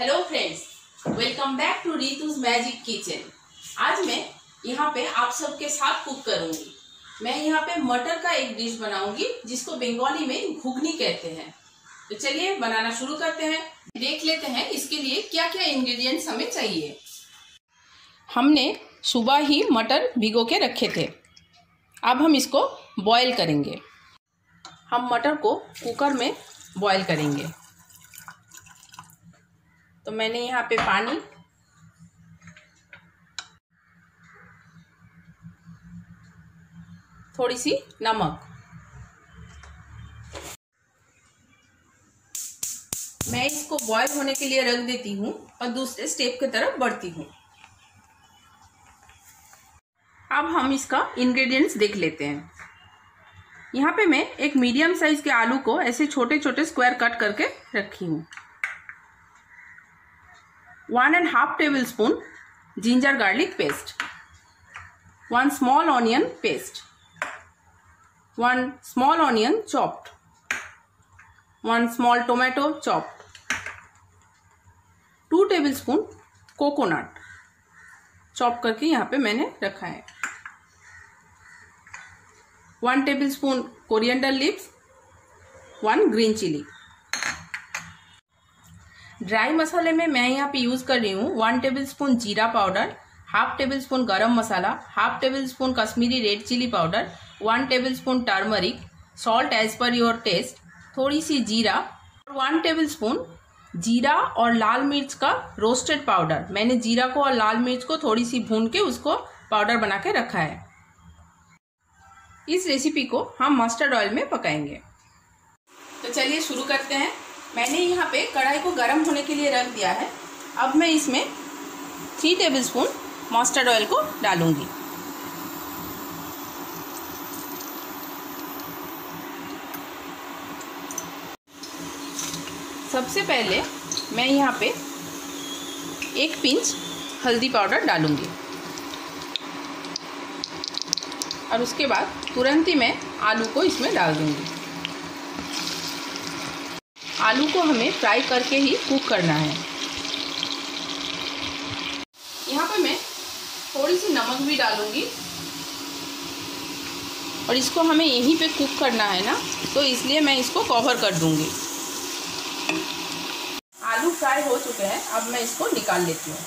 hello friends welcome back to Ritu's magic kitchen आज मैं यहाँ पे आप सबके साथ कुक करूंगी मैं यहाँ पे मटर का एक डिश बनाऊंगी जिसको बंगाली में घुगनी कहते हैं तो चलिए बनाना शुरू करते हैं देख लेते हैं इसके लिए क्या क्या इंग्रेडिएंट्स हमें चाहिए हमने सुबह ही मटर भिगो के रखे थे अब हम इसको बॉयल करेंगे हम मटर को कुकर में बॉयल करेंगे तो मैंने यहाँ पे पानी थोड़ी सी नमक मैं इसको बॉईल होने के लिए रख देती हूँ और दूसरे स्टेप की तरफ बढ़ती हूँ अब हम इसका इंग्रेडिएंट्स देख लेते हैं यहाँ पे मैं एक मीडियम साइज के आलू को ऐसे छोटे छोटे स्क्वायर कट करके रखी हूँ one and half table spoon ginger garlic paste one small onion paste one small onion chopped one small tomato chopped two table spoon coconut chop करके यहाँ पे मैंने रखा है one table spoon coriander leaves one green chilli dry मसाले में मैं यहाँ पे यूज़ कर रही हूँ वन टेबल स्पून जीरा पाउडर हाफ टेबल स्पून गर्म मसाला half table spoon Kashmiri red chilli powder one table spoon turmeric salt as per your taste थोड़ी सी जीरा और वन टेबल स्पून जीरा और लाल मिर्च का रोस्टेड पाउडर मैंने जीरा को और लाल मिर्च को थोड़ी सी भून के उसको पाउडर बना के रखा है इस रेसिपी को हम मस्टर्ड ऑयल में पकाएंगे तो चलिए शुरू करते हैं मैंने यहाँ पे कढ़ाई को गर्म होने के लिए रख दिया है अब मैं इसमें three table spoon mustard oil को डालूँगी सबसे पहले मैं यहाँ पे एक पिंच हल्दी पाउडर डालूँगी और उसके बाद तुरंत ही मैं आलू को इसमें डाल दूँगी आलू को हमें फ्राई करके ही कुक करना है यहाँ पर मैं थोड़ी सी नमक भी डालूंगी और इसको हमें यहीं पे कुक करना है ना तो इसलिए मैं इसको कवर कर दूंगी आलू फ्राई हो चुके हैं अब मैं इसको निकाल लेती हूँ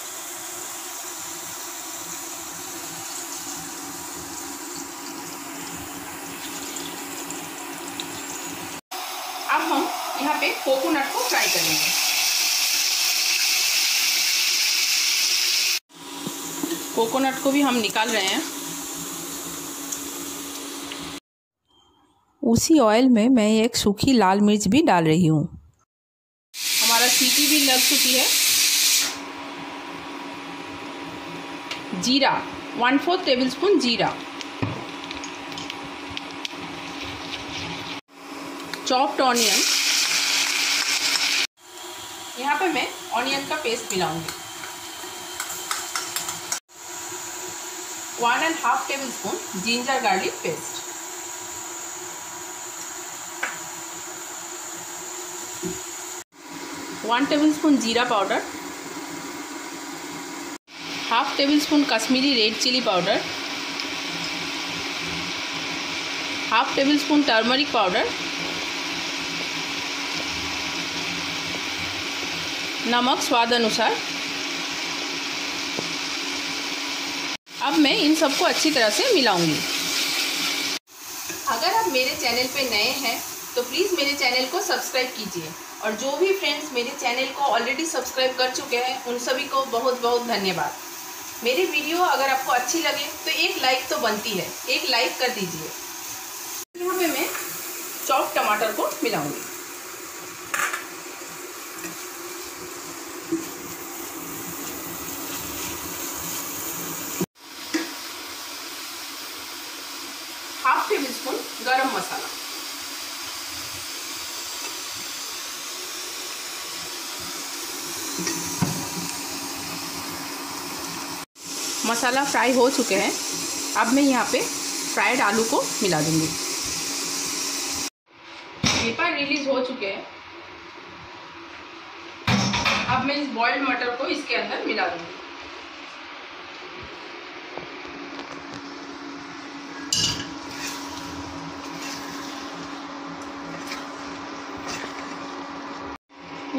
अब हम यहाँ पे कोकोनट को फ्राई करेंगे कोकोनट को भी हम निकाल रहे हैं उसी ऑयल में मैं एक सूखी लाल मिर्च भी डाल रही हूँ हमारा सीटी भी लग चुकी है जीरा वन फोर्थ टेबल स्पून जीरा चॉप्ड ऑनियन यहाँ पे मैं ऑनियन का पेस्ट मिलाऊंगी one and half table spoon ginger garlic paste one table spoon जीरा powder half table spoon Kashmiri red chilli powder half table spoon turmeric powder नमक स्वाद अनुसार अब मैं इन सबको अच्छी तरह से मिलाऊंगी अगर आप मेरे चैनल पे नए हैं तो प्लीज़ मेरे चैनल को सब्सक्राइब कीजिए और जो भी फ्रेंड्स मेरे चैनल को ऑलरेडी सब्सक्राइब कर चुके हैं उन सभी को बहुत बहुत धन्यवाद मेरी वीडियो अगर आपको अच्छी लगे तो एक लाइक तो बनती है एक लाइक कर दीजिए यहाँ पे मैं चॉप टमाटर को मिलाऊंगी टेबल स्पून गरम मसाला मसाला फ्राई हो चुके हैं अब मैं यहाँ पे फ्राइड आलू को मिला दूंगी पेपर रिलीज हो चुके हैं अब मैं इस बॉइल्ड मटर को इसके अंदर मिला दूंगी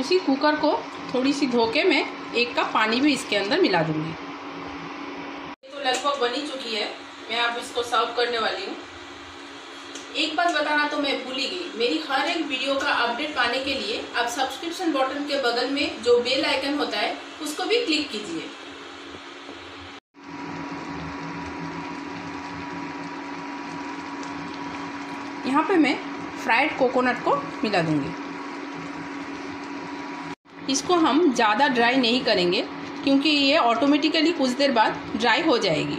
उसी कुकर को थोड़ी सी धोके में एक कप पानी भी इसके अंदर मिला दूँगी तो लगभग बनी चुकी है मैं अब इसको सर्व करने वाली हूँ एक बात बताना तो मैं भूली गई मेरी हर एक वीडियो का अपडेट पाने के लिए आप सब्सक्रिप्शन बटन के बगल में जो बेल आइकन होता है उसको भी क्लिक कीजिए यहाँ पे मैं फ्राइड कोकोनट को मिला दूंगी इसको हम ज़्यादा ड्राई नहीं करेंगे क्योंकि ये ऑटोमेटिकली कुछ देर बाद ड्राई हो जाएगी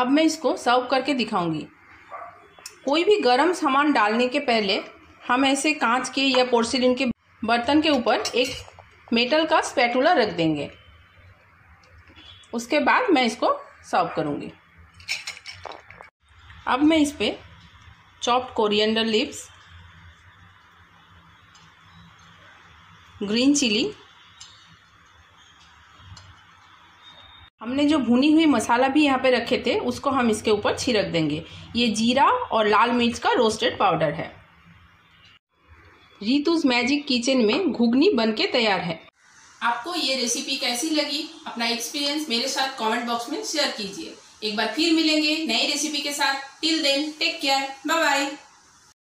अब मैं इसको सर्व करके दिखाऊंगी कोई भी गर्म सामान डालने के पहले हम ऐसे कांच के या पोर्सिलिन के बर्तन के ऊपर एक मेटल का स्पैटूला रख देंगे उसके बाद मैं इसको सर्व करूँगी अब मैं इस पर chopped coriander leaves green chilli हमने जो भुनी हुई मसाला भी यहाँ पे रखे थे उसको हम इसके ऊपर छिड़क देंगे ये जीरा और लाल मिर्च का रोस्टेड पाउडर है रितुज मैजिक किचन में घुगनी बन के तैयार है आपको ये रेसिपी कैसी लगी अपना एक्सपीरियंस मेरे साथ कमेंट बॉक्स में शेयर कीजिए एक बार फिर मिलेंगे नई रेसिपी के साथ till then take care bye bye